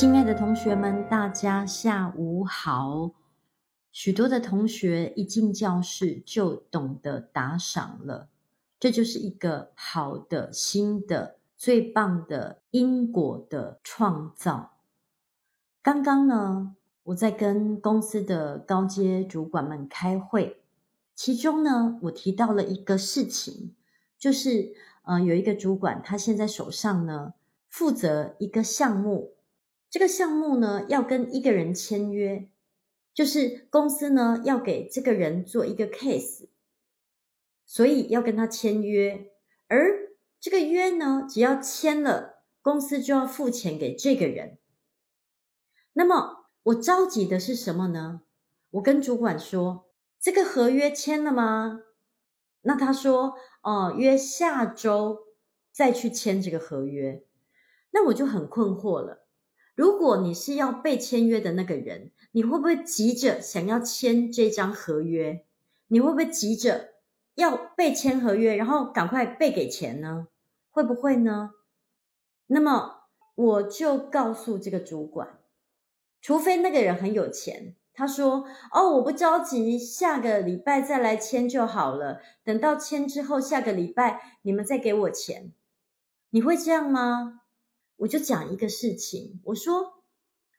親愛的同學們，大家下午好。許多的同學一進教室就懂得打賞了，這就是一個好的、新的、最棒的因果的創造。剛剛呢，我在跟公司的高階主管們開會，其中呢，我提到了一個事情，就是呃，有一個主管，他現在手上呢，負責一個項目。這個項目呢，要跟一個人簽約，就是公司呢要給這個人做一個 case，所以要跟他簽約。而這個約呢，只要簽了，公司就要付錢給這個人。那麼我着急的是什麼呢？我跟主管說：“這個合約簽了嗎？”那他說：“哦、呃，約下周再去簽這個合約。”那我就很困惑了。如果你是要被簽約的那個人，你會不會急着想要簽這張合約？你會不會急着要被簽合約，然後趕快被給錢呢？會不會呢？那麼我就告訴這個主管，除非那個人很有錢，他說：“哦，我不着急，下個禮拜再來簽就好了。等到簽之後，下個禮拜你們再給我錢。”你會這樣嗎？我就講一個事情，我說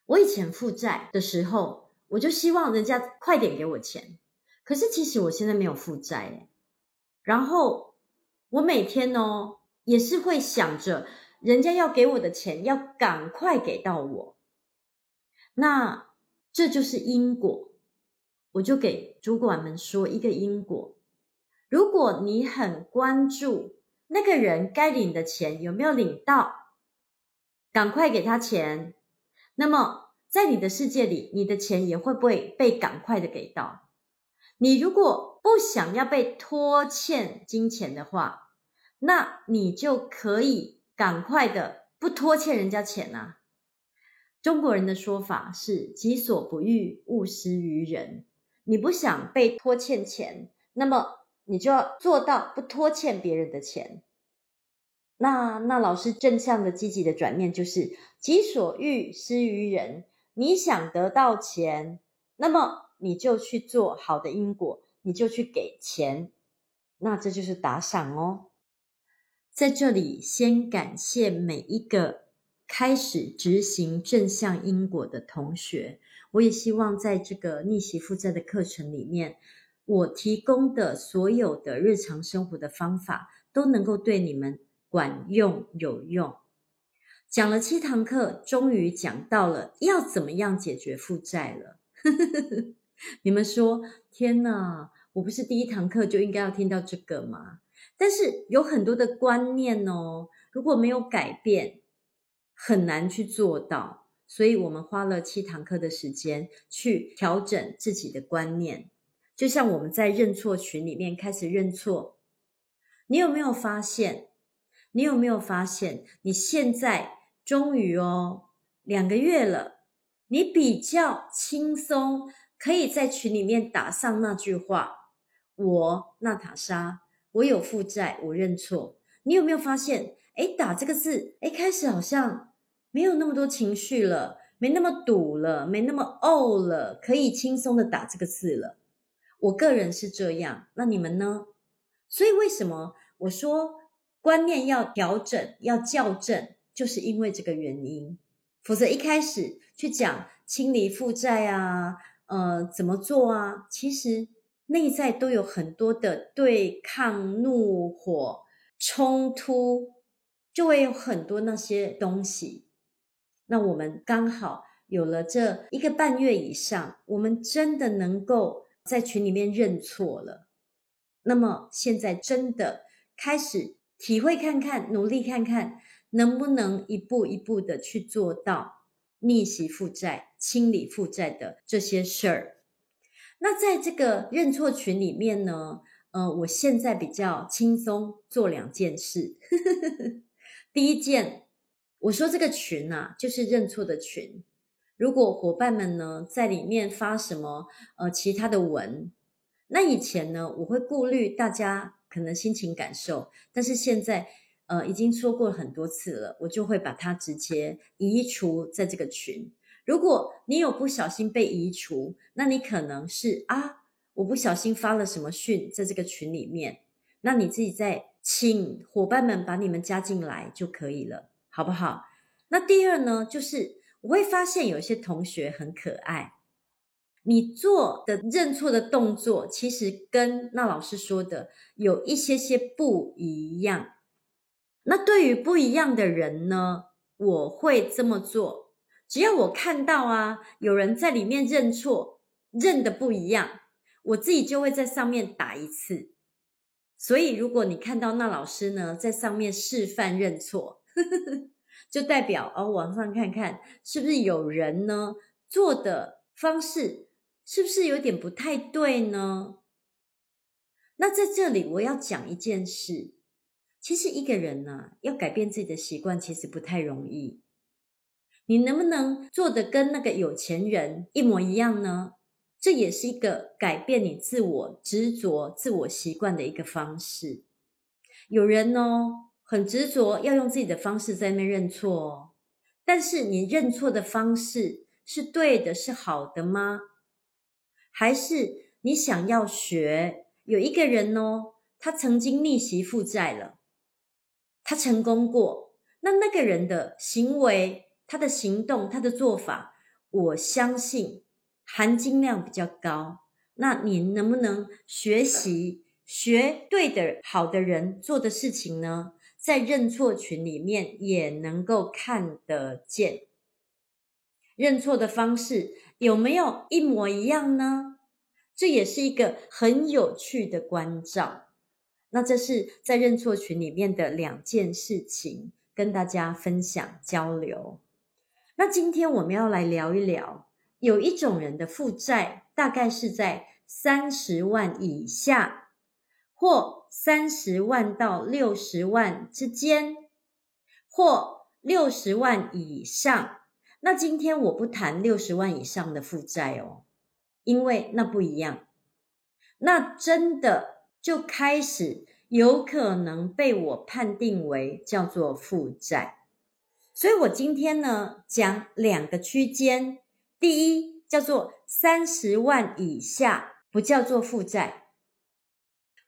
我以前負債的時候，我就希望人家快點給我錢。可是其實我現在沒有負債耶。然後我每天呢，哦，也是會想着人家要給我的錢要趕快給到我。那這就是因果，我就給主管們說一個因果：如果你很關注那個人該領的錢有沒有領到？趕快給他錢，那麼在你的世界裡，你的錢也會不會被趕快的給到？你如果不想要被拖欠金錢的話，那你就可以趕快的不拖欠人家錢啊。中國人的說法是“己所不欲，勿施於人”。你不想被拖欠錢，那麼你就要做到不拖欠別人的錢。那那老師正向的積極的轉念就是己所欲施於人。你想得到錢，那麼你就去做好的因果，你就去給錢，那這就是打賞哦。在這裡先感謝每一個開始執行正向因果的同學。我也希望在這個逆襲負債的課程裡面，我提供的所有的日常生活的方法都能夠對你們。管用有用，講了七堂課，終於講到了要怎麼樣解決負債了。 你們說，天哪！我不是第一堂課就應該要聽到這個嗎？但是有很多的觀念哦，如果沒有改變，很難去做到。所以我們花了七堂課的時間去調整自己的觀念，就像我們在認錯群裡面開始認錯。你有沒有發現？你有沒有發現，你現在終於哦，兩個月了，你比較輕鬆，可以在群裡面打上那句話：“我娜塔莎，我有負債，我認錯。”你有沒有發現？哎，打這個字，哎，開始好像沒有那麼多情緒了，沒那麼堵了，沒那麼慪了，可以輕鬆的打這個字了。我個人是這樣，那你們呢？所以為什麼我說？觀念要調整，要校正，就是因為這個原因。否則一開始去講清理負債啊，呃，怎麼做啊？其實內在都有很多的對抗、怒火、衝突，就會有很多那些東西。那我們剛好有了這一個半月以上，我們真的能夠在群裡面認錯了。那麼現在真的開始。體會看看，努力看看，能不能一步一步的去做到逆襲負債、清理負債的這些事兒。那在這個認錯群裡面呢，呃，我現在比較輕鬆做兩件事。 第一件，我說這個群啊，就是認錯的群。如果夥伴們呢，在裡面發什麼，呃，其他的文，那以前呢，我會顧慮大家，可能心情感受，但是現在，呃，已經說過很多次了，我就會把它直接移除在這個群。如果你有不小心被移除，那你可能是啊，我不小心發了什麼訊在這個群裡面，那你自己再請夥伴們把你們加進來就可以了，好不好？那第二呢，就是我會發現有一些同學很可愛。你做的認錯的動作，其實跟娜老師說的有一些些不一樣。那對於不一樣的人呢，我會這麼做：只要我看到啊，有人在裡面認錯，認得不一樣，我自己就會在上面打一次。所以，如果你看到娜老師呢在上面示範認錯，呵呵，就代表哦，往上看看是不是有人呢做的方式，是不是有點不太對呢？那在這裡我要講一件事，其實一個人呢、啊，要改變自己的習慣，其實不太容易。你能不能做得跟那個有錢人一模一樣呢？這也是一個改變你自我執着、自我習慣的一個方式。有人哦，很執着，要用自己的方式在那認錯哦，但是你認錯的方式是對的、是好的嗎？還是你想要學？有一個人哦，他曾經逆襲負債了，他成功過。那那個人的行為、他的行動、他的做法，我相信含金量比較高。那你能不能學習學對的、好的人做的事情呢？在認錯群裡面也能夠看得見認錯的方式。有沒有一模一樣呢？這也是一個很有趣的關照。那這是在認錯群裡面的兩件事情，跟大家分享交流。那今天我們要來聊一聊，有一種人的負債大概是在三十萬以下，或三十萬到六十萬之間，或六十萬以上。那今天我不談六十萬以上的負債哦，因為那不一樣，那真的就開始有可能被我判定為叫做負債，所以我今天呢講兩個區間，第一叫做三十萬以下不叫做負債，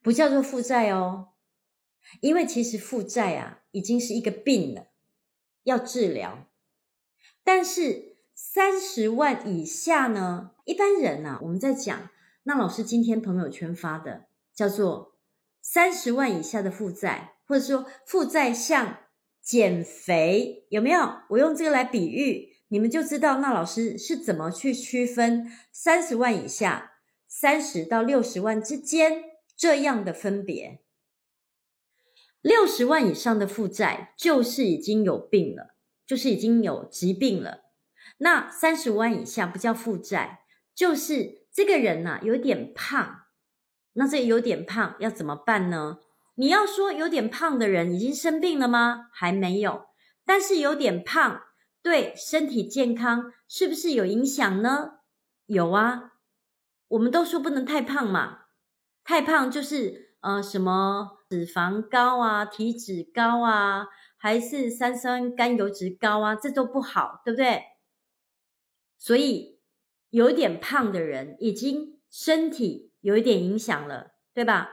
不叫做負債哦，因為其實負債啊已經是一個病了，要治療。但是三十萬以下呢？一般人啊，我們在講娜老師今天朋友圈發的叫做三十萬以下的負債，或者說負債像減肥有沒有？我用這個來比喻，你們就知道娜老師是怎麼去區分三十萬以下、三十到六十萬之間這樣的分別。六十萬以上的負債就是已經有病了。就是已經有疾病了，那三十五萬以下不叫負債，就是這個人呢、啊、有點胖，那這有點胖要怎麼辦呢？你要說有點胖的人已經生病了嗎？還沒有，但是有點胖對身體健康是不是有影響呢？有啊，我們都說不能太胖嘛，太胖就是呃什麼脂肪高啊，體脂高啊。還是三酸甘油酯高啊，這都不好，對不對？所以有點胖的人，已經身體有一點影響了，對吧？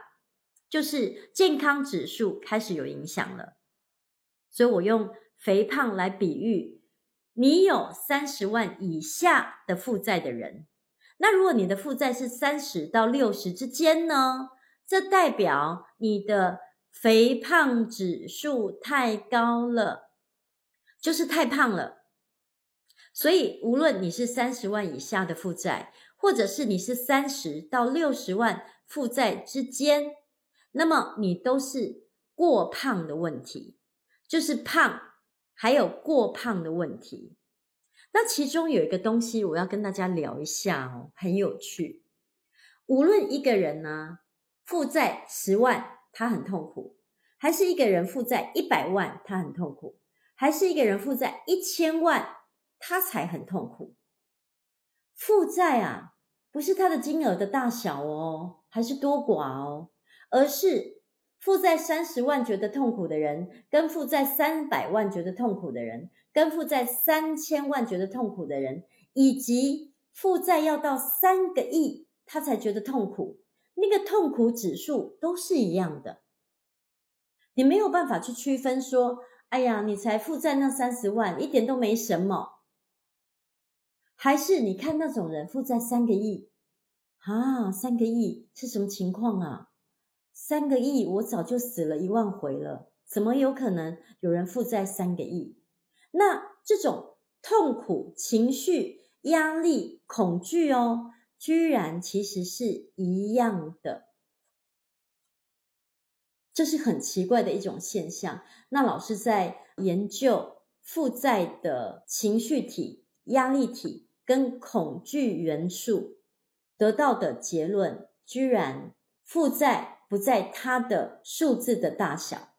就是健康指數開始有影響了。所以我用肥胖來比喻，你有三十萬以下的負債的人，那如果你的負債是三十到六十之間呢？這代表你的。肥胖指數太高了，就是太胖了。所以，無論你是三十萬以下的負債，或者是你是三十到六十萬負債之間，那麼你都是過胖的問題，就是胖還有過胖的問題。那其中有一個東西，我要跟大家聊一下哦，很有趣。無論一個人呢、啊，負債十萬。他很痛苦，還是一個人負債一百萬，他很痛苦，還是一個人負債一千萬，他才很痛苦。負債啊，不是他的金額的大小哦，還是多寡哦，而是負債三十萬覺得痛苦的人，跟負債三百萬覺得痛苦的人，跟負債三千萬覺得痛苦的人，以及負債要到三個億，他才覺得痛苦。那個痛苦指數都是一樣的，你沒有辦法去區分說，哎呀，你才負債那三十萬，一點都沒什麼，還是你看那種人負債三個億，啊，三個億是什麼情況啊？三個億，我早就死了一萬回了，怎麼有可能有人負債三個億？那這種痛苦、情緒、壓力、恐懼哦。居然其實是一樣的，這是很奇怪的一種現象。那老師在研究負債的情緒體、壓力體跟恐懼元素，得到的結論，居然負債不在它的數字的大小，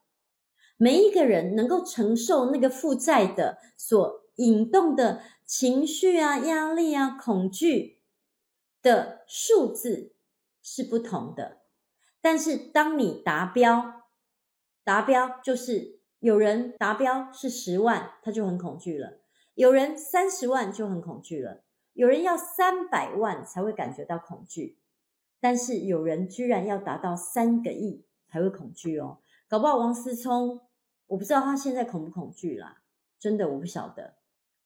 每一個人能夠承受那個負債的所引動的情緒啊、壓力啊、恐懼。的數字是不同的，但是當你達標，達標就是有人達標是十萬，他就很恐懼了；有人三十萬就很恐懼了；有人要三百萬才會感覺到恐懼，但是有人居然要達到三個億才會恐懼哦！搞不好王思聰，我不知道他現在恐不恐懼啦，真的我不曉得，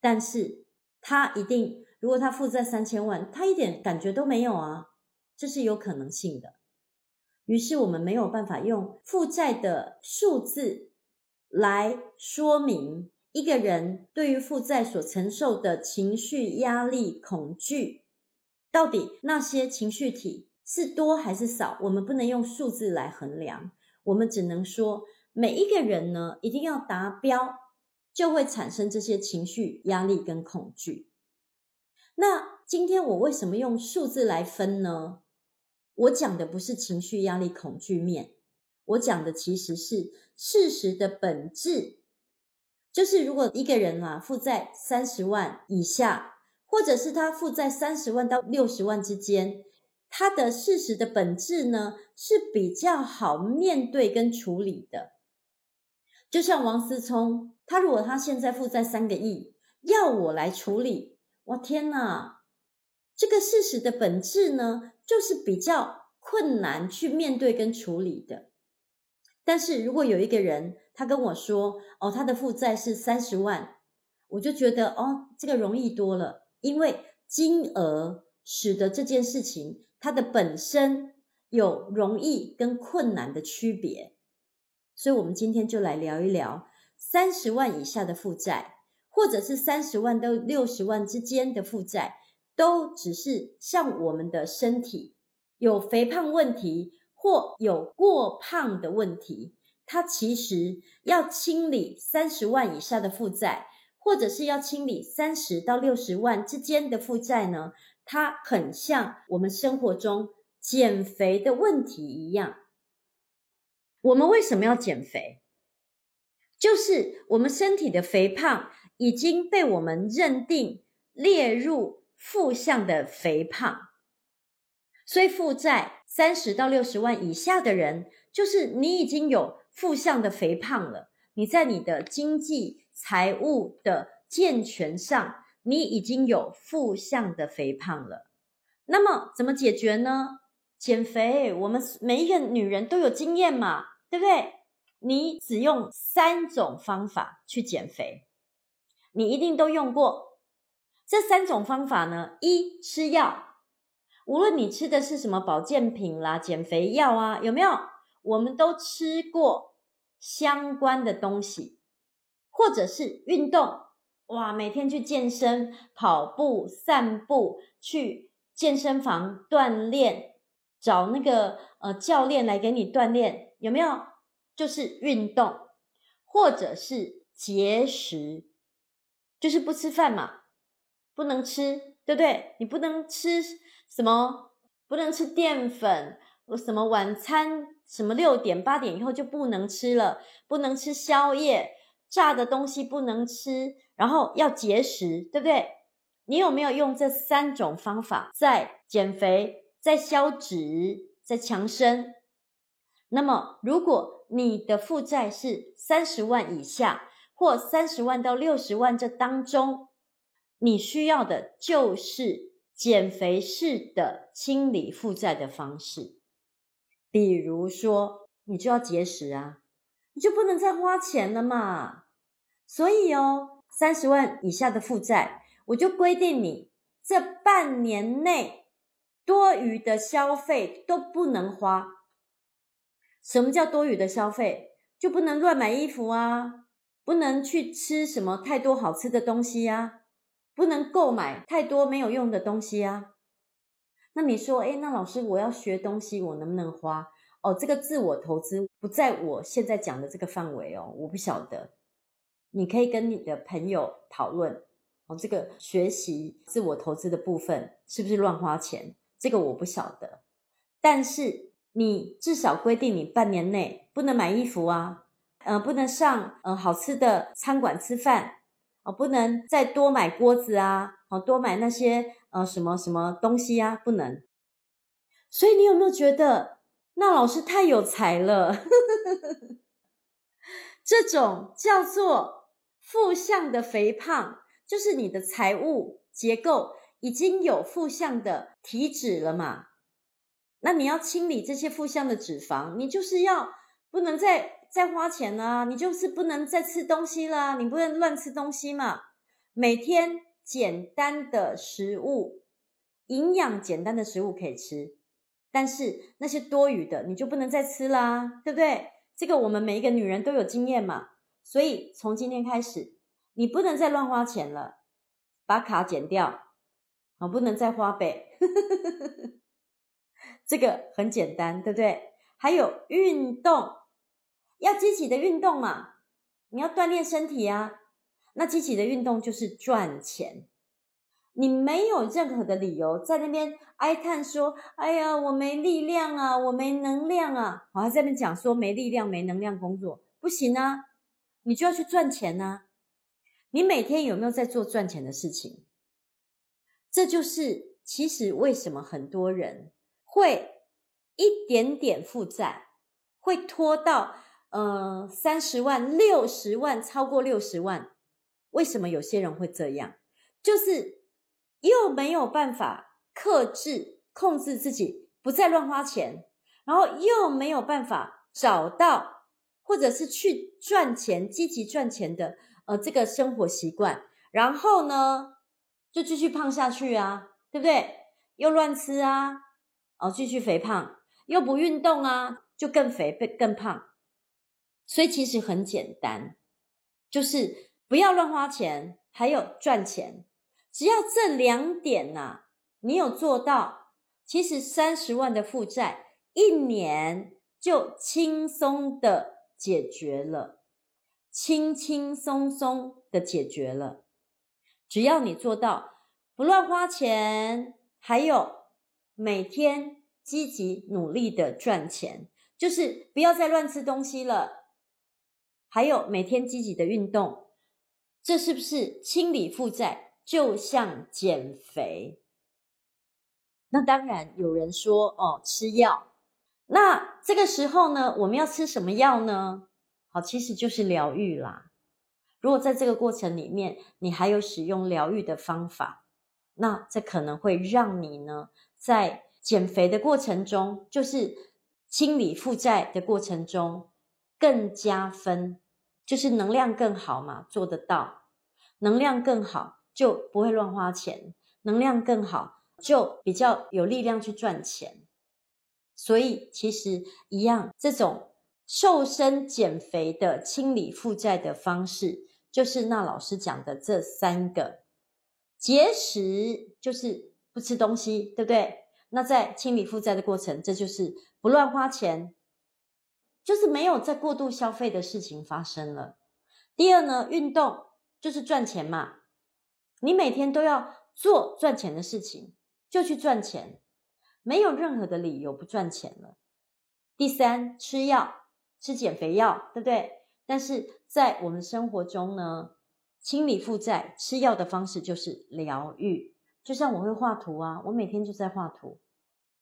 但是他一定。如果他負債三千萬，他一點感覺都沒有啊，這是有可能性的。於是我們沒有辦法用負債的數字來說明一個人對於負債所承受的情緒壓力、恐懼。到底那些情緒體是多還是少，我們不能用數字來衡量。我們只能說，每一個人呢，一定要達標，就會產生這些情緒壓力跟恐懼。那今天我為什麼用數字來分呢？我講的不是情緒壓力、恐懼面，我講的其實是事實的本質。就是如果一個人啊，負債三十萬以下，或者是他負債三十萬到六十萬之間，他的事實的本質呢，是比較好面對跟處理的。就像王思聰，他如果他現在負債三個億，要我來處理。我天哪，這個事實的本質呢，就是比較困難去面對跟處理的。但是如果有一個人他跟我說，哦，他的負債是三十萬，我就覺得哦，這個容易多了，因為金額使得這件事情它的本身有容易跟困難的區別。所以，我們今天就來聊一聊三十萬以下的負債。或者是三十萬到六十萬之間的負債，都只是像我們的身體有肥胖問題或有過胖的問題。它其實要清理三十萬以下的負債，或者是要清理三十到六十萬之間的負債呢，它很像我們生活中減肥的問題一樣。我們為什麼要減肥？就是我們身體的肥胖已經被我們認定列入負向的肥胖，所以負債三十到六十萬以下的人，就是你已經有負向的肥胖了。你在你的經濟財務的健全上，你已經有負向的肥胖了。那麼怎麼解決呢？減肥，我們每一個女人都有經驗嘛，對不對？你只用三種方法去減肥。你一定都用過這三種方法呢？一，吃藥，無論你吃的是什麼保健品啦、減肥藥啊，有沒有？我們都吃過相關的東西，或者是運動，哇，每天去健身、跑步、散步，去健身房鍛鍊，找那個呃教練來給你鍛鍊，有沒有？就是運動，或者是節食。就是不吃飯嘛，不能吃，對不對？你不能吃什麼？不能吃澱粉，什麼晚餐，什麼六點、八點以後就不能吃了，不能吃宵夜，炸的東西不能吃，然後要節食，對不對？你有沒有用這三種方法在減肥、在消脂、在強身？那麼，如果你的負債是三十萬以下。或三十萬到六十萬，這當中，你需要的就是減肥式的清理負債的方式，比如說你就要節食啊，你就不能再花錢了嘛。所以哦，三十萬以下的負債，我就規定你這半年內多餘的消費都不能花。什麼叫多餘的消費？就不能亂買衣服啊。不能去吃什麼太多好吃的東西呀，不能購買太多沒有用的東西呀。那你說，哎，那老師，我要學東西，我能不能花？哦，這個自我投資不在我現在講的這個範圍哦，我不曉得。你可以跟你的朋友討論哦，這個學習自我投資的部分是不是亂花錢？這個我不曉得。但是你至少規定你半年內不能買衣服啊。呃，不能上呃好吃的餐館吃飯，哦、呃，不能再多買鍋子啊，好、呃、多買那些呃什麼什麼東西啊，不能。所以你有沒有覺得那老師太有才了？ 這種叫做負向的肥胖，就是你的財務結構已經有負向的體脂了嘛。那你要清理這些負向的脂肪，你就是要不能再。再花錢呢、啊？你就是不能再吃東西啦。你不能亂吃東西嘛。每天簡單的食物，營養簡單的食物可以吃，但是那些多餘的你就不能再吃啦、啊，對不對？這個我們每一個女人都有經驗嘛。所以從今天開始，你不能再亂花錢了，把卡剪掉，啊，不能再花唄。 這個很簡單，對不對？還有運動。要積極的運動啊，你要鍛鍊身體啊！那積極的運動就是賺錢。你沒有任何的理由在那邊哀嘆說：“哎呀，我沒力量啊，我沒能量啊！”我還在那邊講說沒力量、沒能量，工作不行啊！你就要去賺錢啊！你每天有沒有在做賺錢的事情？這就是其實為什麼很多人會一點點負債，會拖到。呃，三十萬、六十萬、超過六十萬，為什麼有些人會這樣？就是又沒有辦法克制、控制自己，不再亂花錢，然後又沒有辦法找到或者是去賺錢、積極賺錢的呃這個生活習慣，然後呢就繼續胖下去啊，對不對？又亂吃啊，哦，繼續肥胖，又不運動啊，就更肥，更胖。所以其實很簡單，就是不要亂花錢，還有賺錢，只要這兩點吶，你有做到，其實三十萬的負債一年就輕鬆的解決了，輕輕鬆鬆的解決了。只要你做到不亂花錢，還有每天積極努力的賺錢，就是不要再亂吃東西了。還有每天積極的運動，這是不是清理負債就像減肥？那當然有人說哦，吃藥。那這個時候呢，我們要吃什麼藥呢？好，其實就是療癒啦。如果在這個過程裡面，你還有使用療癒的方法，那這可能會讓你呢，在減肥的過程中，就是清理負債的過程中。更加分，就是能量更好嘛，做得到。能量更好就不會亂花錢，能量更好就比較有力量去賺錢。所以其實一樣，這種瘦身減肥的清理負債的方式，就是那老師講的這三個：節食，就是不吃東西，對不對？那在清理負債的過程，這就是不亂花錢。就是沒有再過度消費的事情發生了。第二呢，運動就是賺錢嘛，你每天都要做賺錢的事情，就去賺錢，沒有任何的理由不賺錢了。第三，吃藥吃減肥藥，對不對？但是在我們生活中呢，清理負債吃藥的方式就是療癒，就像我會畫圖啊，我每天就在畫圖，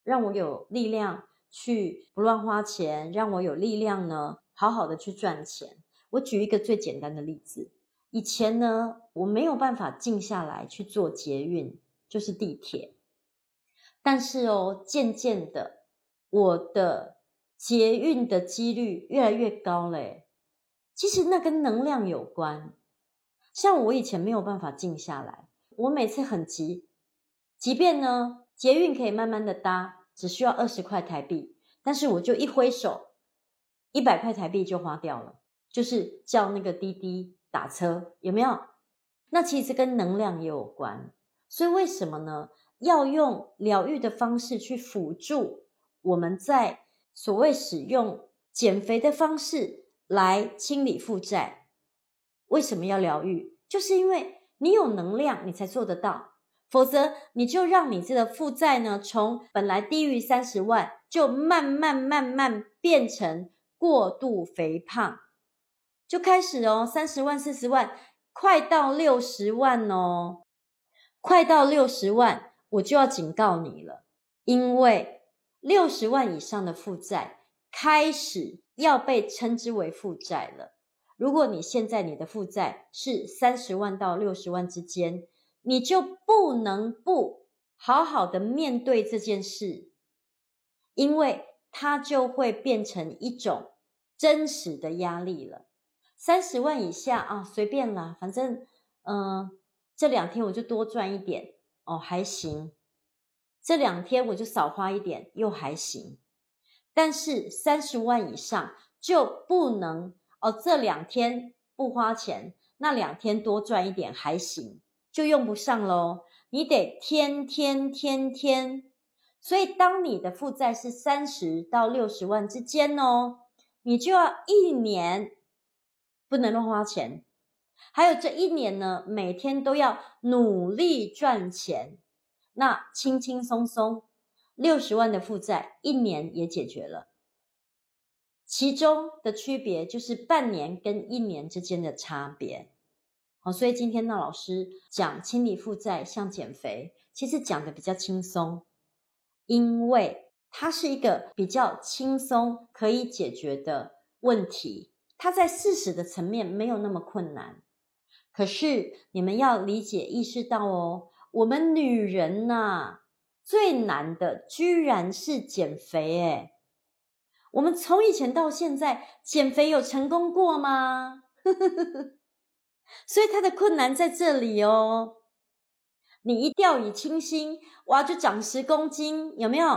讓我有力量。去不亂花錢，讓我有力量呢，好好的去賺錢。我舉一個最簡單的例子，以前呢，我沒有辦法靜下來去坐捷運，就是地鐵。但是哦，漸漸的，我的捷運的幾率越來越高嘞。其實那跟能量有關，像我以前沒有辦法靜下來，我每次很急，即便呢捷運可以慢慢的搭。只需要二十塊台幣，但是我就一揮手，一百塊台幣就花掉了。就是叫那個滴滴打車，有沒有？那其實跟能量也有關。所以為什麼呢？要用療癒的方式去輔助我們在所謂使用減肥的方式來清理負債。為什麼要療癒？就是因為你有能量，你才做得到。否則，你就讓你這個負債呢，從本來低於三十萬，就慢慢慢慢變成過度肥胖，就開始哦，三十萬、四十萬，快到六十萬哦，快到六十萬，我就要警告你了，因為六十萬以上的負債開始要被稱之為負債了。如果你現在你的負債是三十萬到六十萬之間，你就不能不好好的面對這件事，因為它就會變成一種真實的壓力了。三十萬以下啊，隨便啦，反正嗯，這兩天我就多賺一點哦，還行；這兩天我就少花一點，又還行。但是三十萬以上就不能哦，這兩天不花錢，那兩天多賺一點還行。就用不上嘍，你得天天天天。所以當你的負債是三十到六十萬之間哦，你就要一年不能亂花錢，還有這一年呢，每天都要努力賺錢，那輕輕鬆鬆六十萬的負債一年也解決了。其中的區別就是半年跟一年之間的差別。好，所以今天娜老師講清理負債像減肥，其實講的比較輕鬆，因為它是一個比較輕鬆可以解決的問題，它在事實的層面沒有那麼困難。可是你們要理解、意識到哦，我們女人吶、啊、最難的居然是減肥誒，我們從以前到現在減肥有成功過嗎？ 所以他的困難在這裡哦，你一掉以輕心，哇，就長十公斤，有沒有？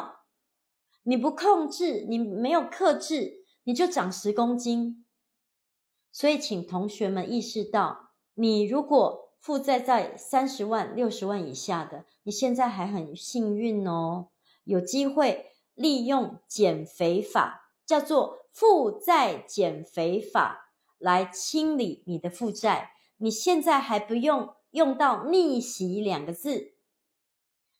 你不控制，你沒有克制，你就長十公斤。所以，請同學們意識到，你如果負債在三十萬、六十萬以下的，你現在還很幸運哦，有機會利用減肥法，叫做負債減肥法，來清理你的負債。你現在還不用用到“逆襲”兩個字，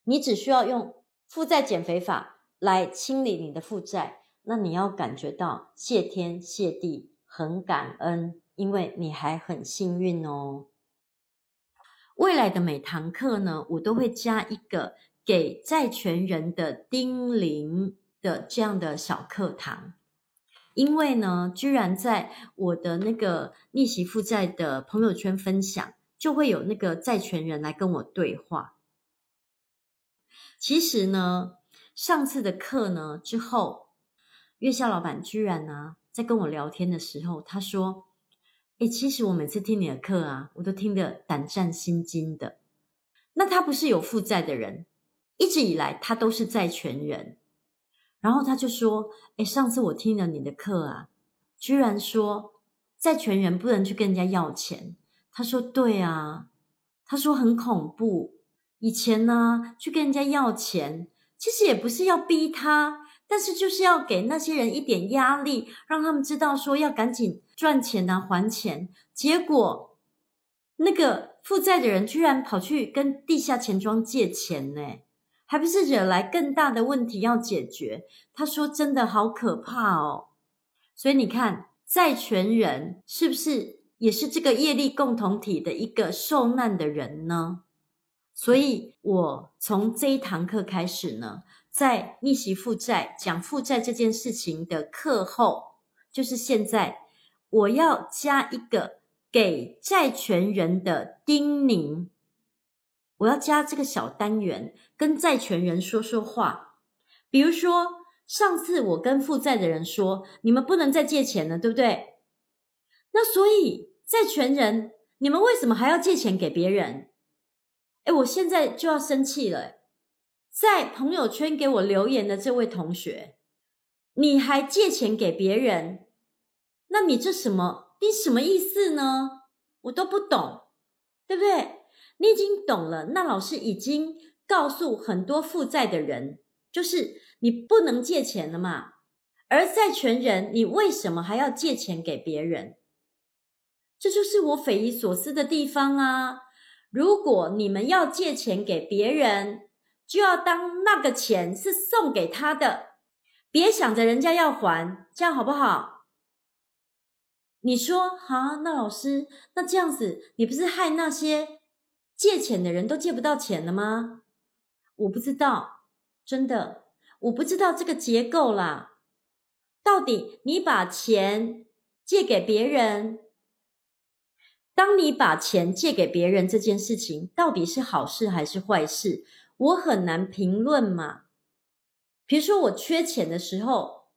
你只需要用負債減肥法來清理你的負債。那你要感覺到謝天謝地，很感恩，因為你還很幸運哦。未來的每堂課呢，我都會加一個給債權人的叮嚀的這樣的小課堂。因為呢，居然在我的那個逆襲負債的朋友圈分享，就會有那個債權人來跟我對話。其實呢，上次的課呢之後，月下老板居然呢、啊、在跟我聊天的時候，他說：“誒、欸，其實我每次聽你的課啊，我都聽得膽戰心驚的。”那他不是有負債的人，一直以來他都是債權人。然後他就說：“誒，上次我聽了你的課啊，居然說債權人不能去跟人家要錢。”他說：“對啊，他說很恐怖。以前呢，去跟人家要錢，其實也不是要逼他，但是就是要給那些人一點壓力，讓他們知道說要趕緊賺錢啊，還錢。結果那個負債的人居然跑去跟地下錢莊借錢呢。”還不是惹來更大的問題要解決。他說：“真的好可怕哦！”所以你看，債權人是不是也是這個業力共同體的一個受難的人呢？所以，我從這一堂課開始呢，在逆襲負債講負債這件事情的課後，就是現在，我要加一個給債權人的叮嚀。我要加這個小單元跟債權人說說話，比如說上次我跟負債的人說，你們不能再借錢了，對不對？那所以債權人，你們為什麼還要借錢給別人？哎，我現在就要生氣了，在朋友圈給我留言的這位同學，你還借錢給別人？那你這什麼？你什麼意思呢？我都不懂，對不對？你已經懂了，那老師已經告訴很多負債的人，就是你不能借錢了嘛。而債權人，你為什麼還要借錢給別人？這就是我匪夷所思的地方啊！如果你們要借錢給別人，就要當那個錢是送給他的，別想着人家要還，這樣好不好？你說啊，那老師，那這樣子，你不是害那些？借錢的人都借不到錢了嗎？我不知道，真的，我不知道這個結構啦。到底你把錢借給別人，當你把錢借給別人這件事情，到底是好事還是壞事？我很難評論嘛。比如說我缺錢的時候，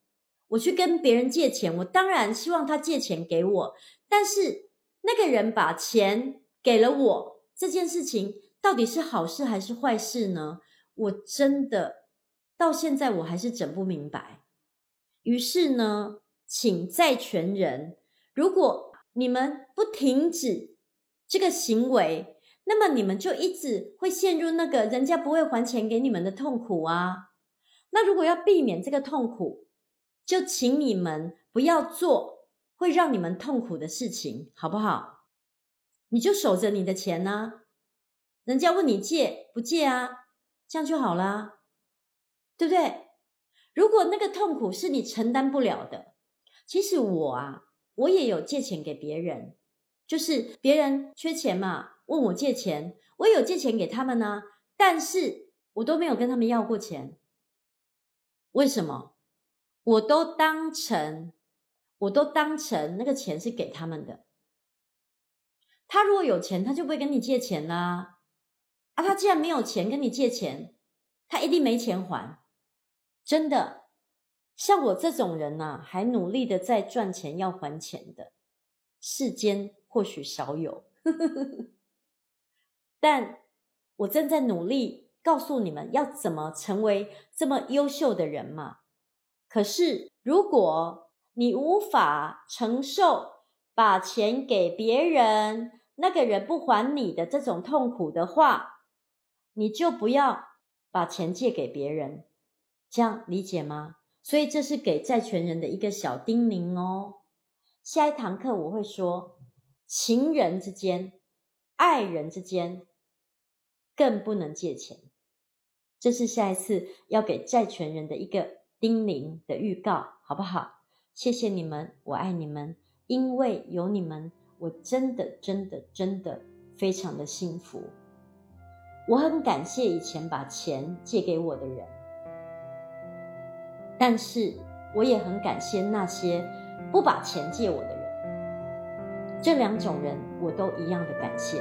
我去跟別人借錢，我當然希望他借錢給我，但是那個人把錢給了我。這件事情到底是好事還是壞事呢？我真的到現在我還是整不明白。於是呢，請債權人，如果你們不停止這個行為，那麼你們就一直會陷入那個人家不會還錢給你們的痛苦啊。那如果要避免這個痛苦，就請你們不要做會讓你們痛苦的事情，好不好？你就守着你的錢呢，人家問你借不借啊？這樣就好啦，對不對？如果那個痛苦是你承擔不了的，其實我啊，我也有借錢給別人，就是別人缺錢嘛，問我借錢，我也有借錢給他們呢，但是我都沒有跟他們要過錢，為什麼？我都當成，我都當成那個錢是給他們的。他如果有錢，他就不會跟你借錢啦，啊。啊，他既然沒有錢跟你借錢，他一定沒錢還，真的。像我這種人呢，啊，還努力的在賺錢要還錢的，世間或許少有。 但我正在努力告訴你們要怎麼成為這麼優秀的人嘛。可是如果你無法承受把錢給別人，那個人不還你的這種痛苦的話，你就不要把錢借給別人，這樣理解嗎？所以這是給債權人的一個小叮嚀哦。下一堂課我會說，情人之間、愛人之間更不能借錢，這是下一次要給債權人的一個叮嚀的預告，好不好？謝謝你們，我愛你們，因為有你們。我真的真的真的非常的幸福，我很感謝以前把錢借給我的人，但是我也很感謝那些不把錢借我的人，這兩種人我都一樣的感謝。